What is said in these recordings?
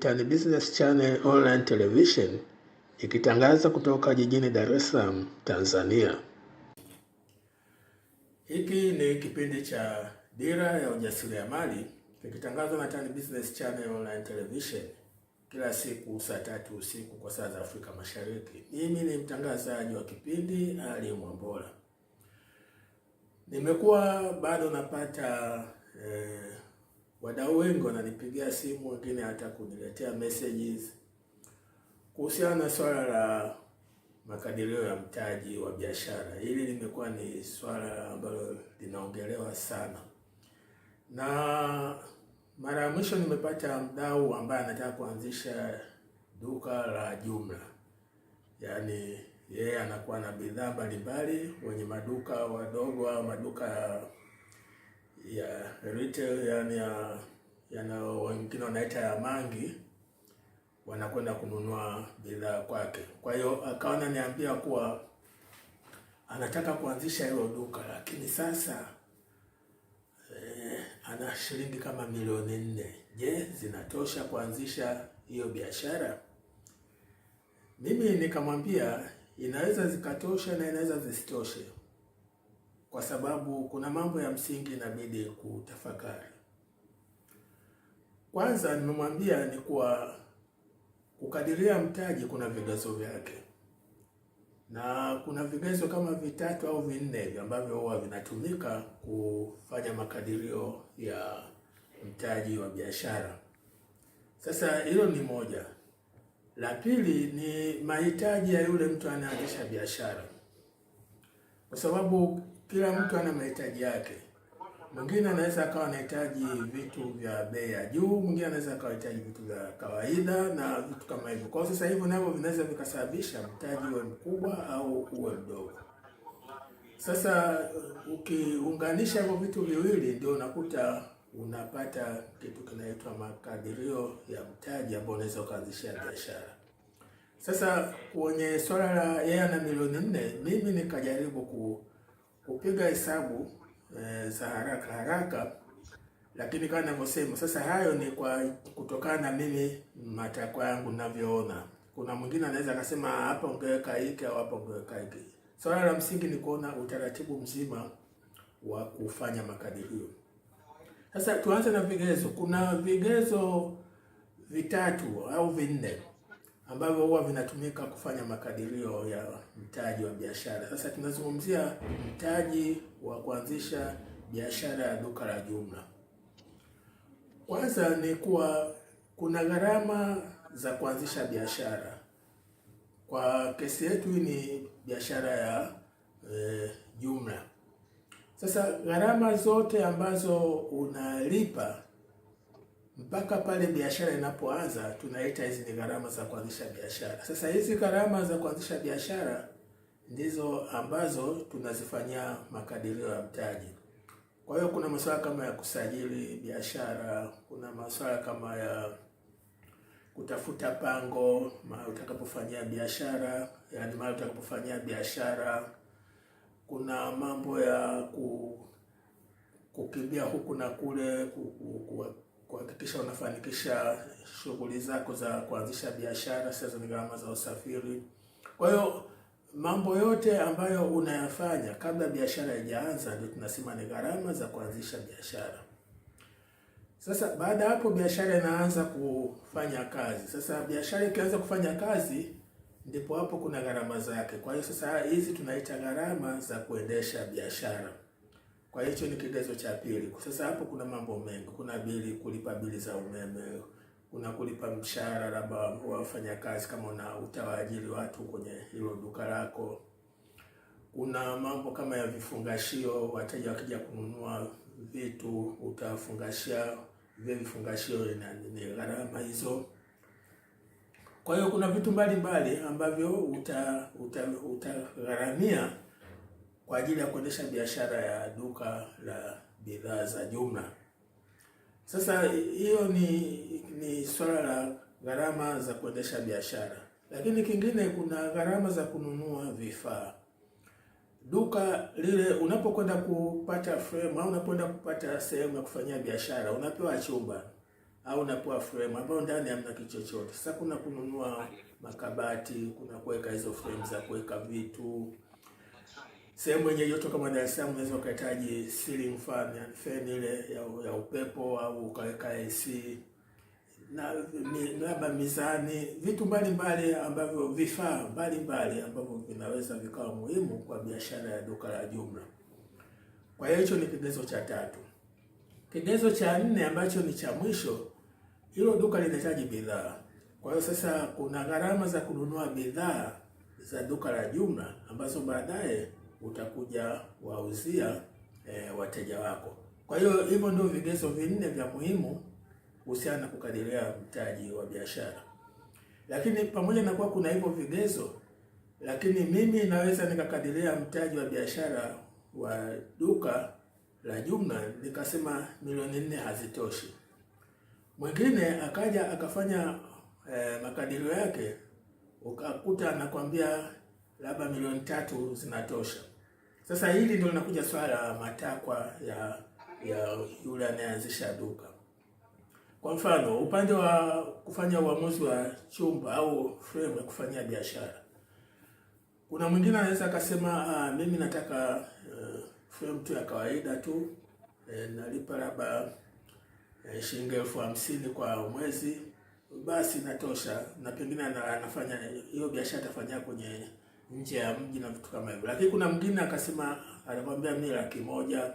Tan Business Channel Online Television ikitangaza kutoka jijini Dar es Salaam, Tanzania. Hiki ni kipindi cha Dira ya Ujasiriamali kikitangazwa na Tan Business Channel Online Television kila siku saa tatu usiku kwa saa za Afrika Mashariki. Mimi ni mtangazaji wa kipindi Ali Mwambola. Nimekuwa bado napata eh, Wadau wengi wananipigia simu, wengine hata kuniletea messages kuhusiana na swala la makadirio ya mtaji wa biashara. Hili limekuwa ni swala ambalo linaongelewa sana, na mara ya mwisho nimepata mdau ambaye anataka kuanzisha duka la jumla, yaani yeye anakuwa na bidhaa mbalimbali, wenye maduka wadogo au maduka ya retail yani ya yana wengine wanaita ya mangi wanakwenda kununua bidhaa kwake. Kwa hiyo akawa ananiambia kuwa anataka kuanzisha hilo duka, lakini sasa eh, ana shilingi kama milioni nne. Je, zinatosha kuanzisha hiyo biashara? Mimi nikamwambia inaweza zikatosha na inaweza zisitoshe kwa sababu kuna mambo ya msingi inabidi kutafakari. Kwanza nimemwambia ni kuwa kukadiria mtaji kuna vigezo vyake, na kuna vigezo kama vitatu au vinne ambavyo huwa vinatumika kufanya makadirio ya mtaji wa biashara. Sasa hilo ni moja. La pili ni mahitaji ya yule mtu anayeanzisha biashara, kwa sababu kila mtu ana mahitaji yake. Mwingine anaweza akawa anahitaji vitu vya bei ya juu, mwingine anaweza akawa anahitaji vitu vya kawaida na vitu kama hivyo. Kwa sasa hivyo navyo vinaweza vikasababisha mtaji uwe mkubwa au uwe mdogo. Sasa ukiunganisha hivyo vitu viwili, ndio unakuta unapata kitu kinaitwa makadirio ya mtaji ambao unaweza ukaanzishia biashara. Sasa kwenye swala la yeye ana milioni nne, mimi nikajaribu ku kupiga hesabu e, za haraka haraka, lakini kama ninavyosema sasa, hayo ni kwa kutokana na mimi matakwa yangu ninavyoona. Kuna mwingine anaweza akasema hapa ungeweka hiki au hapa ungeweka hiki. Swala la msingi ni kuona utaratibu mzima wa kufanya makadirio. Sasa tuanze na vigezo. Kuna vigezo vitatu au vinne ambavyo huwa vinatumika kufanya makadirio ya mtaji wa biashara. Sasa tunazungumzia mtaji wa kuanzisha biashara ya duka la jumla. Kwanza ni kuwa kuna gharama za kuanzisha biashara. Kwa kesi yetu hii ni biashara ya e, jumla. Sasa gharama zote ambazo unalipa mpaka pale biashara inapoanza, tunaita hizi ni gharama za kuanzisha biashara. Sasa hizi gharama za kuanzisha biashara ndizo ambazo tunazifanyia makadirio ya mtaji. Kwa hiyo kuna masuala kama ya kusajili biashara, kuna masuala kama ya kutafuta pango mahali utakapofanyia biashara, yaani mahali utakapofanyia biashara. Kuna mambo ya ku, kukimbia huku na kule ku, ku, ku, kuhakikisha unafanikisha shughuli zako za kuanzisha biashara, sasa ni gharama za usafiri. Kwa hiyo mambo yote ambayo unayafanya kabla biashara haijaanza ndio tunasema ni gharama za kuanzisha biashara. Sasa baada ya hapo biashara inaanza kufanya kazi. Sasa biashara ikianza kufanya kazi ndipo hapo kuna gharama zake. Kwa hiyo sasa hizi tunaita gharama za kuendesha biashara. Kwa hicho ni kigezo cha pili. Sasa hapo kuna mambo mengi, kuna bili, kulipa bili za umeme, kuna kulipa mshahara labda kazi kama una utawaajiri watu kwenye hilo duka lako. Kuna mambo kama ya vifungashio, wateja wakija kununua vitu utafungashia vile vifungashio, ni gharama hizo. Kwa hiyo kuna vitu mbalimbali ambavyo utagharamia uta, uta kwa ajili ya kuendesha biashara ya duka la bidhaa za jumla. Sasa hiyo ni ni swala la gharama za kuendesha biashara, lakini kingine kuna gharama za kununua vifaa. Duka lile unapokwenda kupata frame au unapokwenda kupata sehemu ya kufanyia biashara, unapewa chumba au unapewa frame ambayo ndani hamna kichochote. Sasa kuna kununua makabati, kuna kuweka hizo frame za kuweka vitu sehemu yenye joto kama Dar es Salaam unaweza ukahitaji ceiling fan, yani fan ile ya, ya upepo au ukaweka AC na labda mizani, vitu mbalimbali ambavyo vifaa mbalimbali ambavyo vinaweza vikawa muhimu kwa biashara ya duka la jumla. Kwa hiyo hicho ni kigezo cha tatu. Kigezo cha nne ambacho ni cha mwisho, hilo duka linahitaji bidhaa. Kwa hiyo sasa kuna gharama za kununua bidhaa za duka la jumla ambazo baadaye utakuja wauzia e, eh, wateja wako. Kwa hiyo hivyo ndio vigezo vinne vya muhimu kuhusiana na kukadiria mtaji wa biashara. Lakini pamoja na kuwa kuna hivyo vigezo, lakini mimi naweza nikakadiria mtaji wa biashara wa duka la jumla nikasema milioni nne hazitoshi. Mwingine akaja akafanya e, makadirio yake ukakuta anakwambia labda milioni tatu zinatosha. Sasa hili ndio linakuja swala la matakwa ya ya yule anayeanzisha duka. Kwa mfano, upande wa kufanya uamuzi wa chumba au frame ya kufanyia biashara, kuna mwingine anaweza akasema, ah, mimi nataka uh, frame tu ya kawaida tu e, nalipa labda e, shilingi elfu hamsini kwa mwezi, basi natosha, na pengine anafanya hiyo biashara atafanya kwenye nje ya mji na vitu kama hivyo. Lakini kuna mwingine akasema, anakwambia mimi laki moja,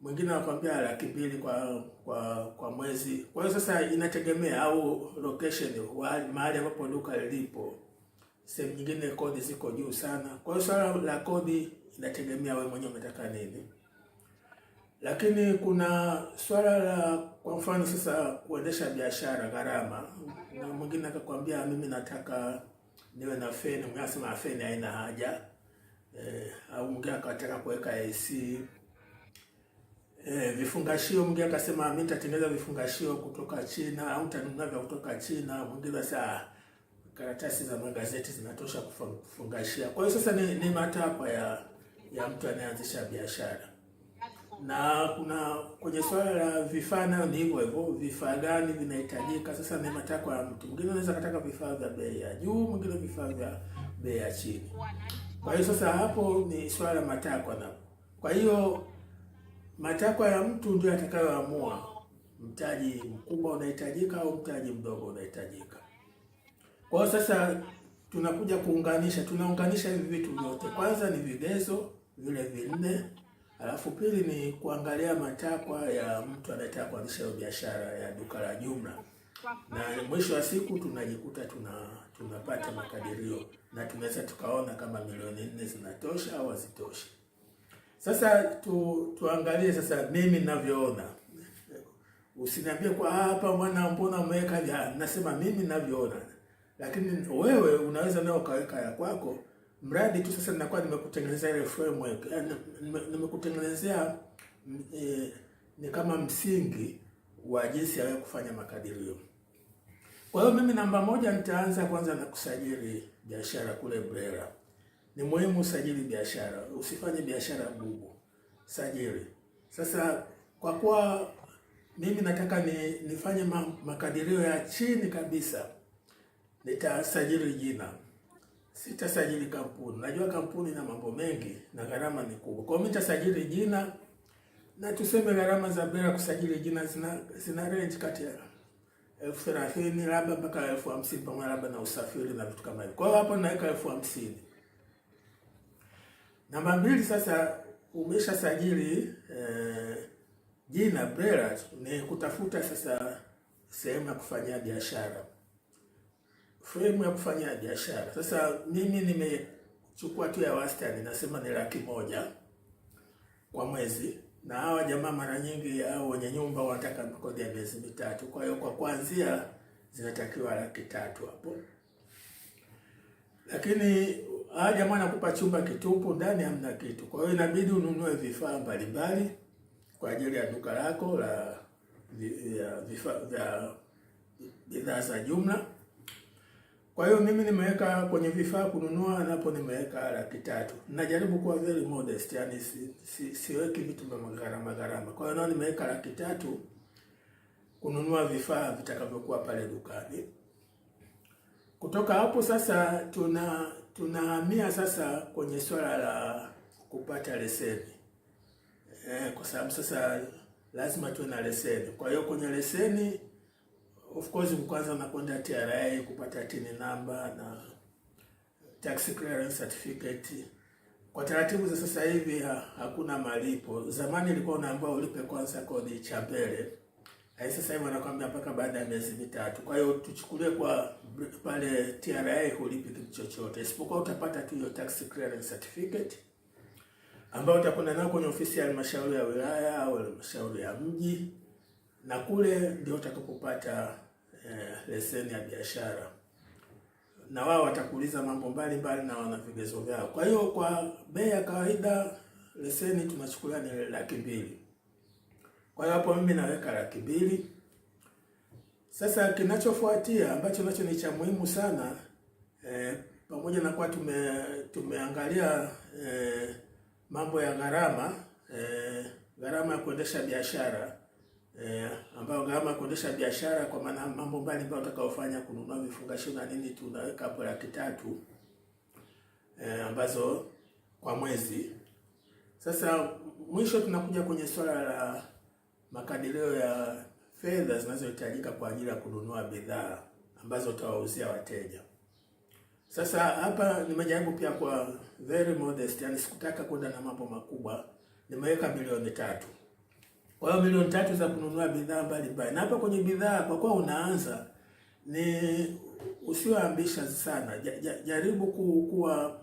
mwingine anakwambia laki mbili kwa kwa kwa mwezi. Kwa hiyo sasa inategemea au location, mahali ambapo duka lilipo. Sehemu nyingine kodi ziko juu sana, kwa hiyo swala la kodi inategemea wewe mwenyewe umetaka nini. Lakini kuna swala la kwa mfano sasa kuendesha biashara, gharama, na mwingine akakwambia mimi nataka niwe na feni, mwingine asema feni haina haja eh, au mwingine akataka kuweka AC eh, vifungashio, mwingine akasema mimi nitatengeneza vifungashio kutoka China au nitanunua vya kutoka China, mwingine sasa ah, karatasi za magazeti zinatosha kufungashia. Kwa hiyo sasa ni, ni matakwa ya ya mtu anayeanzisha biashara na kuna kwenye swala la vifaa nayo ni hivyo hivyo, vifaa gani vinahitajika. Sasa ni matakwa ya mtu mwingine, anaweza kataka vifaa vya bei ya juu, mwingine vifaa vya bei ya chini. Kwa hiyo sasa hapo ni swala la matakwa na, kwa hiyo matakwa ya mtu ndio atakayoamua mtaji mkubwa unahitajika au mtaji mdogo unahitajika. Kwa hiyo sasa tunakuja kuunganisha, tunaunganisha hivi vitu vyote. Kwanza ni vigezo vile vinne Alafu pili ni kuangalia matakwa ya mtu anayetaka kuanzisha hiyo biashara ya duka la jumla, na mwisho wa siku tunajikuta tuna tunapata makadirio na tunaweza tukaona kama milioni nne zinatosha au hazitoshi. Sasa tu, tuangalie sasa mimi ninavyoona. Usiniambie kwa hapa mwana mbona umeweka, nasema mimi ninavyoona, lakini wewe unaweza nao ukaweka ya kwako mradi tu sasa ninakuwa nimekutengenezea ile framework, eh, nimekutengenezea e, ni kama msingi wa jinsi ya wewe kufanya makadirio. Kwa hiyo mimi namba moja nitaanza kwanza na kusajili biashara kule BRELA. Ni muhimu usajili biashara, usifanye biashara bubu, sajili. Sasa kwa kuwa mimi nataka ni, nifanye makadirio ya chini kabisa, nitasajili jina sitasajili kampuni. Najua kampuni na mambo mengi na gharama ni kubwa, kwa mimi nitasajili jina na tuseme gharama za bila kusajili jina zina, zina range kati ya elfu thelathini labda mpaka elfu hamsini pamoja labda na usafiri na vitu kama hivyo. Kwa hiyo hapo naweka elfu hamsini. Namba mbili, sasa sajili eh, jina BERA, ni kutafuta sasa sehemu ya kufanyia biashara fremu ya kufanya biashara. Sasa mimi nimechukua tu ya wastani, nasema ni laki moja kwa mwezi, na hawa jamaa mara nyingi au wenye nyumba wanataka kodi ya miezi mitatu. Kwa hiyo kwa kuanzia zinatakiwa laki tatu hapo, lakini hawa jamaa nakupa chumba kitupu, ndani hamna kitu. Kwa hiyo inabidi ununue vifaa mbalimbali kwa ajili ya duka lako la vifaa vya bidhaa za jumla kwa hiyo mimi nimeweka kwenye vifaa kununua, napo nimeweka laki tatu. Najaribu kuwa very modest, yani si, si, siweki vitu vya magharama gharama. Kwa hiyo nao nimeweka laki tatu kununua vifaa vitakavyokuwa pale dukani. Kutoka hapo sasa tuna tunahamia sasa kwenye swala la kupata leseni eh, kwa sababu sasa lazima tuwe na leseni. Kwa hiyo kwenye leseni of course kwanza nakwenda TRA kupata TIN number na tax clearance certificate. Kwa taratibu za sasa hivi ha, hakuna malipo. Zamani ilikuwa unaambiwa ulipe kwanza kodi cha mbele, hai sasa hivi wanakwambia mpaka baada ya miezi mitatu. Kwa hiyo tuchukulie kwa pale TRA hulipi kitu chochote, isipokuwa utapata tu hiyo tax clearance certificate ambayo utakwenda nayo kwenye ofisi ya halmashauri ya wilaya au halmashauri ya mji, na kule ndio utakapopata eh, leseni ya biashara, na wao watakuuliza mambo mbalimbali na wana vigezo vyao. Kwa hiyo kwa bei ya kawaida leseni tunachukulia ni laki mbili. Kwa hiyo hapo mimi naweka laki mbili. Sasa kinachofuatia ambacho nacho ni cha muhimu sana eh, pamoja na kuwa tume, tumeangalia eh, mambo ya gharama eh, gharama ya kuendesha biashara eh, ambayo gharama kuendesha biashara kwa maana mambo mbalimbali utakayofanya kununua vifungashio na nini, tunaweka hapo laki tatu eh, ambazo kwa mwezi. Sasa mwisho tunakuja kwenye swala la makadirio ya fedha zinazohitajika kwa ajili ya kununua bidhaa ambazo utawauzia wateja. Sasa hapa nimejaribu pia kwa very modest, yani sikutaka kwenda na mambo makubwa, nimeweka bilioni tatu. Kwa hiyo milioni tatu za kununua bidhaa mbalimbali, na hapa kwenye bidhaa, kwa kuwa unaanza, ni usiwe ambitious sana. Jaribu kuwa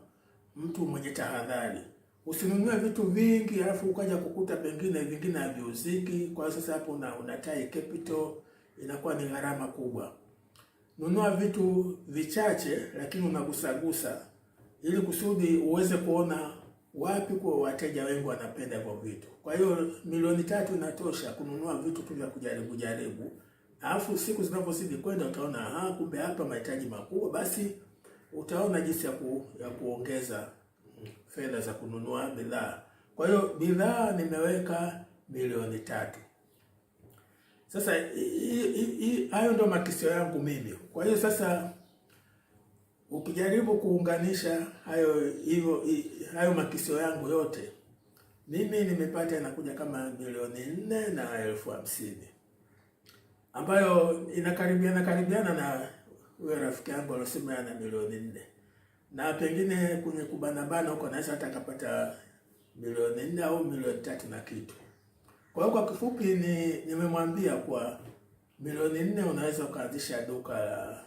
mtu mwenye tahadhari, usinunue vitu vingi alafu ukaja kukuta pengine vingine haviuziki. Kwa sasa hapo una, una tie capital inakuwa ni gharama kubwa. Nunua vitu vichache, lakini unagusagusa ili kusudi uweze kuona wapi kwa wateja wengi wanapenda kwa vitu. Kwa hiyo milioni tatu inatosha kununua vitu tu vya kujaribu jaribu, alafu siku zinapozidi kwenda utaona ha, kumbe hapa mahitaji makubwa, basi utaona jinsi ya, ku, ya kuongeza fedha za kununua bidhaa. Kwa hiyo bidhaa nimeweka milioni tatu. Sasa hayo ndio makisio yangu mimi. Kwa hiyo sasa ukijaribu kuunganisha hayo hivyo hayo makisio yangu yote, mimi nimepata inakuja kama milioni nne na elfu hamsini ambayo inakaribiana karibiana na huyo rafiki yangu alosema ana milioni nne na pengine kwenye kubanabana huko naweza hata akapata milioni nne au milioni tatu na kitu. Kwa hiyo kwa kifupi, ni nimemwambia kwa milioni nne unaweza ukaanzisha duka la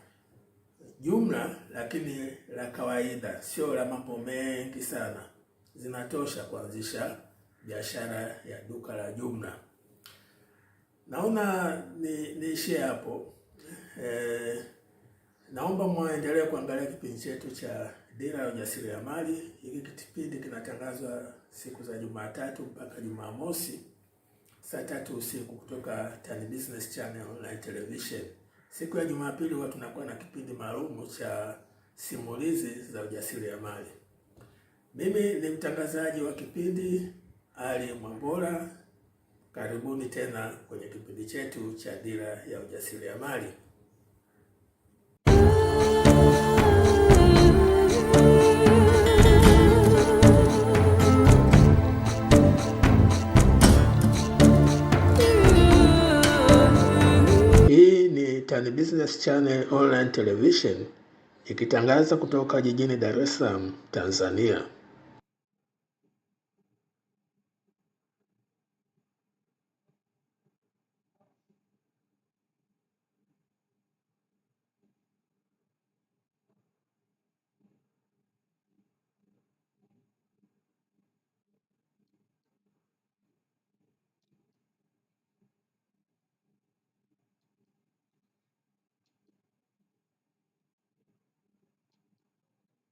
jumla, lakini la kawaida, sio la mambo mengi sana, zinatosha kuanzisha biashara ya duka la jumla. Naona ni niishie hapo. E, naomba mwendelee kuangalia kipindi chetu cha Dira ya Ujasiriamali. Hiki kipindi kinatangazwa siku za Jumatatu mpaka Jumamosi saa tatu usiku kutoka Tan Business Channel online television. Siku ya Jumapili huwa tunakuwa na kipindi maalumu cha simulizi za ujasiriamali. Mimi ni mtangazaji wa kipindi Ali Mwambola. Karibuni tena kwenye kipindi chetu cha Dira ya Ujasiriamali. Tan Business Channel online television ikitangaza kutoka jijini Dar es Salaam, Tanzania.